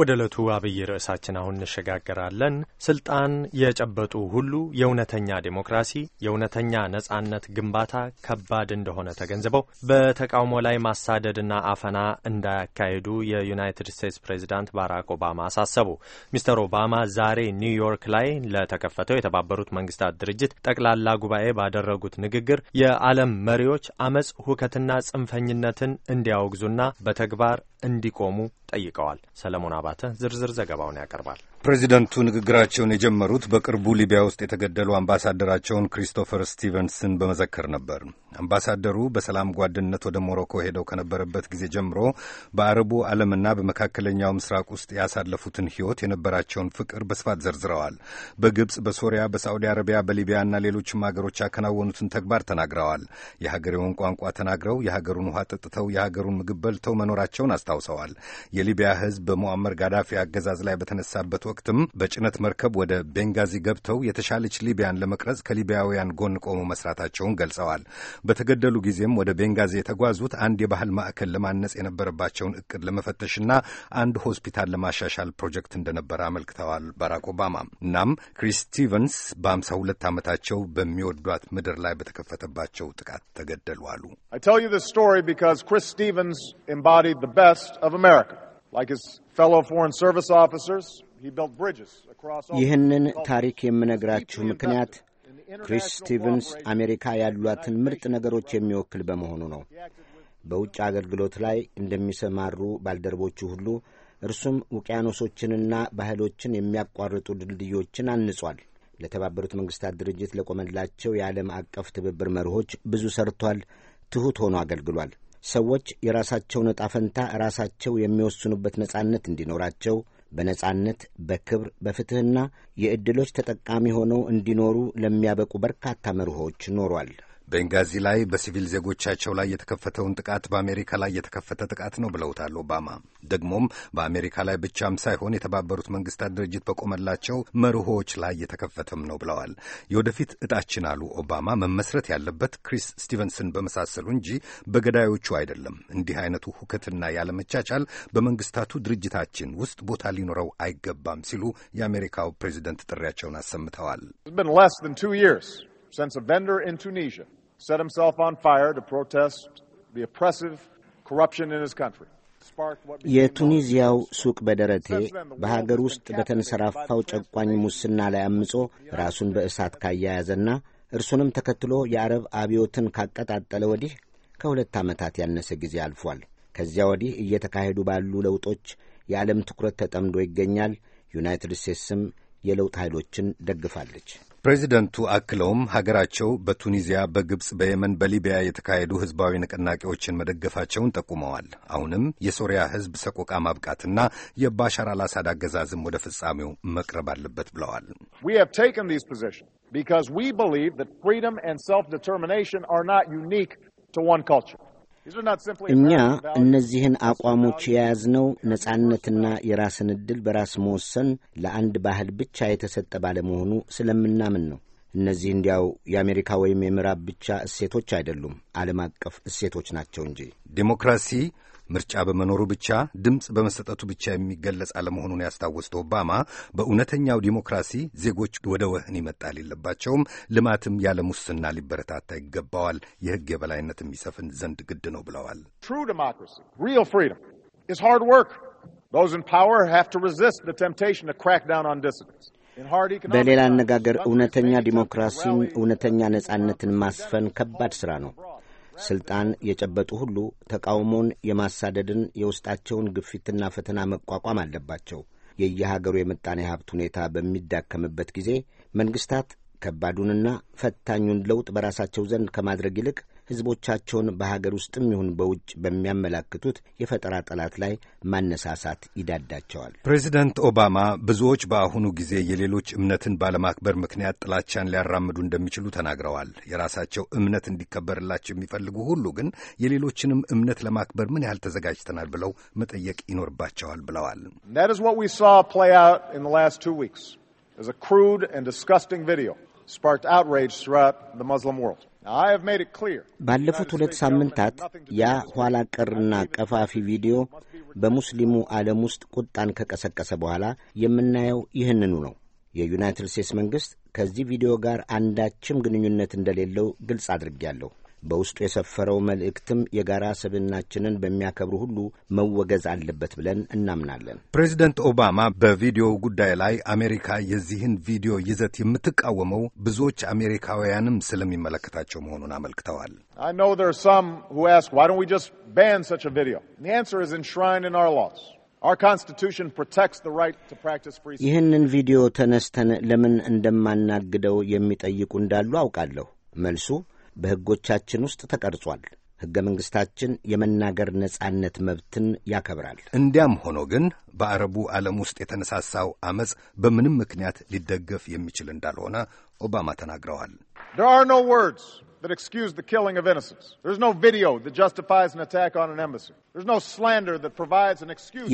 ወደ ዕለቱ አብይ ርዕሳችን አሁን እንሸጋገራለን። ስልጣን የጨበጡ ሁሉ የእውነተኛ ዴሞክራሲ፣ የእውነተኛ ነጻነት ግንባታ ከባድ እንደሆነ ተገንዝበው በተቃውሞ ላይ ማሳደድና አፈና እንዳያካሄዱ የዩናይትድ ስቴትስ ፕሬዚዳንት ባራክ ኦባማ አሳሰቡ። ሚስተር ኦባማ ዛሬ ኒውዮርክ ላይ ለተከፈተው የተባበሩት መንግስታት ድርጅት ጠቅላላ ጉባኤ ባደረጉት ንግግር የዓለም መሪዎች አመፅ፣ ሁከትና ጽንፈኝነትን እንዲያወግዙና በተግባር እንዲቆሙ ጠይቀዋል። ሰለሞን አባ አባተ ዝርዝር ዘገባውን ያቀርባል። ፕሬዚደንቱ ንግግራቸውን የጀመሩት በቅርቡ ሊቢያ ውስጥ የተገደሉ አምባሳደራቸውን ክሪስቶፈር ስቲቨንስን በመዘከር ነበር። አምባሳደሩ በሰላም ጓድነት ወደ ሞሮኮ ሄደው ከነበረበት ጊዜ ጀምሮ በአረቡ ዓለምና በመካከለኛው ምስራቅ ውስጥ ያሳለፉትን ሕይወት፣ የነበራቸውን ፍቅር በስፋት ዘርዝረዋል። በግብፅ፣ በሶሪያ፣ በሳዑዲ አረቢያ፣ በሊቢያና ሌሎችም ሀገሮች ያከናወኑትን ተግባር ተናግረዋል። የሀገሬውን ቋንቋ ተናግረው የሀገሩን ውሃ ጠጥተው የሀገሩን ምግብ በልተው መኖራቸውን አስታውሰዋል። የሊቢያ ሕዝብ በሙአመር ጋዳፊ አገዛዝ ላይ በተነሳበት ወቅትም በጭነት መርከብ ወደ ቤንጋዚ ገብተው የተሻለች ሊቢያን ለመቅረጽ ከሊቢያውያን ጎን ቆሞ መስራታቸውን ገልጸዋል። በተገደሉ ጊዜም ወደ ቤንጋዚ የተጓዙት አንድ የባህል ማዕከል ለማነጽ የነበረባቸውን እቅድ ለመፈተሽና አንድ ሆስፒታል ለማሻሻል ፕሮጀክት እንደነበረ አመልክተዋል ባራክ ኦባማ። እናም ክሪስ ስቲቨንስ በአምሳ ሁለት ዓመታቸው በሚወዷት ምድር ላይ በተከፈተባቸው ጥቃት ተገደሉ አሉ። Chris Stevens embodied the best ስ America. Like his fellow Foreign ይህንን ታሪክ የምነግራችሁ ምክንያት ክሪስ ስቲቨንስ አሜሪካ ያሏትን ምርጥ ነገሮች የሚወክል በመሆኑ ነው። በውጭ አገልግሎት ላይ እንደሚሰማሩ ባልደረቦቹ ሁሉ እርሱም ውቅያኖሶችንና ባህሎችን የሚያቋርጡ ድልድዮችን አንጿል። ለተባበሩት መንግስታት ድርጅት ለቆመላቸው የዓለም አቀፍ ትብብር መርሆች ብዙ ሰርቷል። ትሑት ሆኖ አገልግሏል። ሰዎች የራሳቸውን ዕጣ ፈንታ ራሳቸው የሚወስኑበት ነጻነት እንዲኖራቸው በነጻነት በክብር በፍትሕና የዕድሎች ተጠቃሚ ሆነው እንዲኖሩ ለሚያበቁ በርካታ መርሆች ኖሯል። ቤንጋዚ ላይ በሲቪል ዜጎቻቸው ላይ የተከፈተውን ጥቃት በአሜሪካ ላይ የተከፈተ ጥቃት ነው ብለውታል ኦባማ። ደግሞም በአሜሪካ ላይ ብቻም ሳይሆን የተባበሩት መንግስታት ድርጅት በቆመላቸው መርሆች ላይ የተከፈተም ነው ብለዋል። የወደፊት እጣችን አሉ ኦባማ መመስረት ያለበት ክሪስ ስቲቨንስን በመሳሰሉ እንጂ በገዳዮቹ አይደለም። እንዲህ አይነቱ ሁከትና ያለመቻቻል በመንግስታቱ ድርጅታችን ውስጥ ቦታ ሊኖረው አይገባም ሲሉ የአሜሪካው ፕሬዚደንት ጥሪያቸውን አሰምተዋል። set himself on fire to protest the oppressive corruption in his country. የቱኒዚያው ሱቅ በደረቴ በሀገር ውስጥ በተንሰራፋው ጨቋኝ ሙስና ላይ አምጾ ራሱን በእሳት ካያያዘና እርሱንም ተከትሎ የአረብ አብዮትን ካቀጣጠለ ወዲህ ከሁለት ዓመታት ያነሰ ጊዜ አልፏል። ከዚያ ወዲህ እየተካሄዱ ባሉ ለውጦች የዓለም ትኩረት ተጠምዶ ይገኛል። ዩናይትድ ስቴትስም የለውጥ ኃይሎችን ደግፋለች። ፕሬዚደንቱ አክለውም ሀገራቸው በቱኒዚያ፣ በግብፅ፣ በየመን፣ በሊቢያ የተካሄዱ ህዝባዊ ንቅናቄዎችን መደገፋቸውን ጠቁመዋል። አሁንም የሶሪያ ህዝብ ሰቆቃ ማብቃትና የባሻር አልአሳድ አገዛዝም ወደ ፍጻሜው መቅረብ አለበት ብለዋል። because we believe that freedom and self-determination are not unique to one culture. እኛ እነዚህን አቋሞች የያዝነው ነጻነትና የራስን ዕድል በራስ መወሰን ለአንድ ባህል ብቻ የተሰጠ ባለመሆኑ ስለምናምን ነው። እነዚህ እንዲያው የአሜሪካ ወይም የምዕራብ ብቻ እሴቶች አይደሉም፣ ዓለም አቀፍ እሴቶች ናቸው እንጂ ዲሞክራሲ ምርጫ በመኖሩ ብቻ ድምፅ በመሰጠቱ ብቻ የሚገለጽ አለመሆኑን ያስታወሱት ኦባማ በእውነተኛው ዲሞክራሲ ዜጎች ወደ ወህን ይመጣል የለባቸውም፣ ልማትም ያለ ሙስና ሊበረታታ ይገባዋል፣ የህግ የበላይነት የሚሰፍን ዘንድ ግድ ነው ብለዋል። በሌላ አነጋገር እውነተኛ ዲሞክራሲን፣ እውነተኛ ነጻነትን ማስፈን ከባድ ሥራ ነው። ስልጣን የጨበጡ ሁሉ ተቃውሞን የማሳደድን የውስጣቸውን ግፊትና ፈተና መቋቋም አለባቸው። የየሀገሩ የምጣኔ ሀብት ሁኔታ በሚዳከምበት ጊዜ መንግስታት ከባዱንና ፈታኙን ለውጥ በራሳቸው ዘንድ ከማድረግ ይልቅ ሕዝቦቻቸውን በሀገር ውስጥም ይሁን በውጭ በሚያመላክቱት የፈጠራ ጠላት ላይ ማነሳሳት ይዳዳቸዋል። ፕሬዚደንት ኦባማ ብዙዎች በአሁኑ ጊዜ የሌሎች እምነትን ባለማክበር ምክንያት ጥላቻን ሊያራምዱ እንደሚችሉ ተናግረዋል። የራሳቸው እምነት እንዲከበርላቸው የሚፈልጉ ሁሉ ግን የሌሎችንም እምነት ለማክበር ምን ያህል ተዘጋጅተናል ብለው መጠየቅ ይኖርባቸዋል ብለዋል። As a crude and disgusting video sparked outrage throughout the Muslim world. ባለፉት ሁለት ሳምንታት ያ ኋላ ቀርና ቀፋፊ ቪዲዮ በሙስሊሙ ዓለም ውስጥ ቁጣን ከቀሰቀሰ በኋላ የምናየው ይህንኑ ነው። የዩናይትድ ስቴትስ መንግሥት ከዚህ ቪዲዮ ጋር አንዳችም ግንኙነት እንደሌለው ግልጽ አድርጌያለሁ። በውስጡ የሰፈረው መልእክትም የጋራ ስብናችንን በሚያከብሩ ሁሉ መወገዝ አለበት ብለን እናምናለን። ፕሬዚደንት ኦባማ በቪዲዮው ጉዳይ ላይ አሜሪካ የዚህን ቪዲዮ ይዘት የምትቃወመው ብዙዎች አሜሪካውያንም ስለሚመለከታቸው መሆኑን አመልክተዋል። ይህንን ቪዲዮ ተነስተን ለምን እንደማናግደው የሚጠይቁ እንዳሉ አውቃለሁ። መልሱ በሕጎቻችን ውስጥ ተቀርጿል። ሕገ መንግሥታችን የመናገር ነጻነት መብትን ያከብራል። እንዲያም ሆኖ ግን በአረቡ ዓለም ውስጥ የተነሳሳው ዐመፅ በምንም ምክንያት ሊደገፍ የሚችል እንዳልሆነ ኦባማ ተናግረዋል።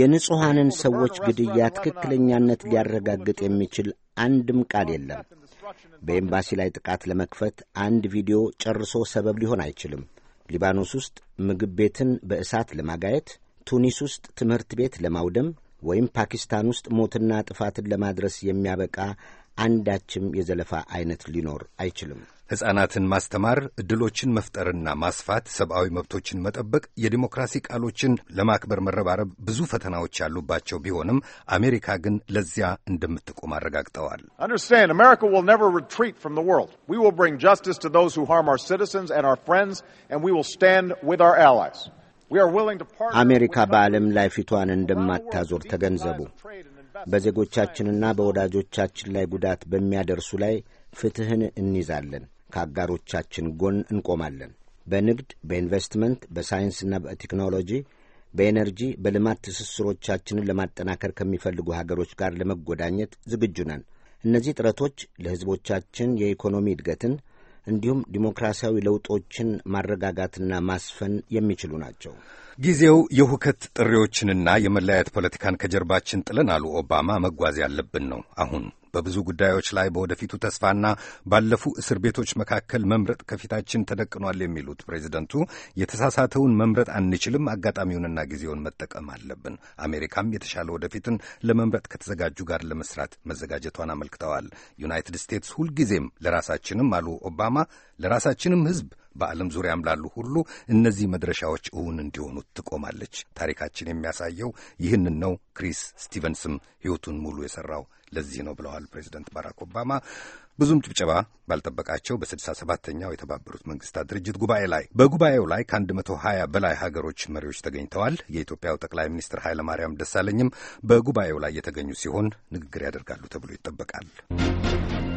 የንጹሐንን ሰዎች ግድያ ትክክለኛነት ሊያረጋግጥ የሚችል አንድም ቃል የለም። በኤምባሲ ላይ ጥቃት ለመክፈት አንድ ቪዲዮ ጨርሶ ሰበብ ሊሆን አይችልም። ሊባኖስ ውስጥ ምግብ ቤትን በእሳት ለማጋየት፣ ቱኒስ ውስጥ ትምህርት ቤት ለማውደም ወይም ፓኪስታን ውስጥ ሞትና ጥፋትን ለማድረስ የሚያበቃ አንዳችም የዘለፋ አይነት ሊኖር አይችልም። ሕፃናትን ማስተማር፣ ዕድሎችን መፍጠርና ማስፋት፣ ሰብአዊ መብቶችን መጠበቅ፣ የዲሞክራሲ ቃሎችን ለማክበር መረባረብ ብዙ ፈተናዎች ያሉባቸው ቢሆንም አሜሪካ ግን ለዚያ እንደምትቆም አረጋግጠዋል። አሜሪካ በዓለም ላይ ፊቷን እንደማታዞር ተገንዘቡ። በዜጎቻችንና በወዳጆቻችን ላይ ጉዳት በሚያደርሱ ላይ ፍትሕን እንይዛለን። ከአጋሮቻችን ጎን እንቆማለን። በንግድ፣ በኢንቨስትመንት፣ በሳይንስና በቴክኖሎጂ፣ በኤነርጂ፣ በልማት ትስስሮቻችንን ለማጠናከር ከሚፈልጉ ሀገሮች ጋር ለመጎዳኘት ዝግጁ ነን። እነዚህ ጥረቶች ለሕዝቦቻችን የኢኮኖሚ እድገትን እንዲሁም ዲሞክራሲያዊ ለውጦችን ማረጋጋትና ማስፈን የሚችሉ ናቸው። ጊዜው የሁከት ጥሪዎችንና የመለያየት ፖለቲካን ከጀርባችን ጥለን፣ አሉ ኦባማ፣ መጓዝ ያለብን ነው አሁን በብዙ ጉዳዮች ላይ በወደፊቱ ተስፋና ባለፉ እስር ቤቶች መካከል መምረጥ ከፊታችን ተደቅኗል የሚሉት ፕሬዚደንቱ የተሳሳተውን መምረጥ አንችልም፣ አጋጣሚውንና ጊዜውን መጠቀም አለብን። አሜሪካም የተሻለ ወደፊትን ለመምረጥ ከተዘጋጁ ጋር ለመስራት መዘጋጀቷን አመልክተዋል። ዩናይትድ ስቴትስ ሁልጊዜም ለራሳችንም አሉ ኦባማ ለራሳችንም ሕዝብ በዓለም ዙሪያም ላሉ ሁሉ እነዚህ መድረሻዎች እውን እንዲሆኑ ትቆማለች። ታሪካችን የሚያሳየው ይህንን ነው። ክሪስ ስቲቨንስም ሕይወቱን ሙሉ የሠራው ለዚህ ነው ብለዋል ፕሬዚደንት ባራክ ኦባማ ብዙም ጭብጨባ ባልጠበቃቸው በስድሳ ሰባተኛው የተባበሩት መንግስታት ድርጅት ጉባኤ ላይ። በጉባኤው ላይ ከአንድ መቶ ሀያ በላይ ሀገሮች መሪዎች ተገኝተዋል። የኢትዮጵያው ጠቅላይ ሚኒስትር ኃይለማርያም ደሳለኝም በጉባኤው ላይ የተገኙ ሲሆን ንግግር ያደርጋሉ ተብሎ ይጠበቃል።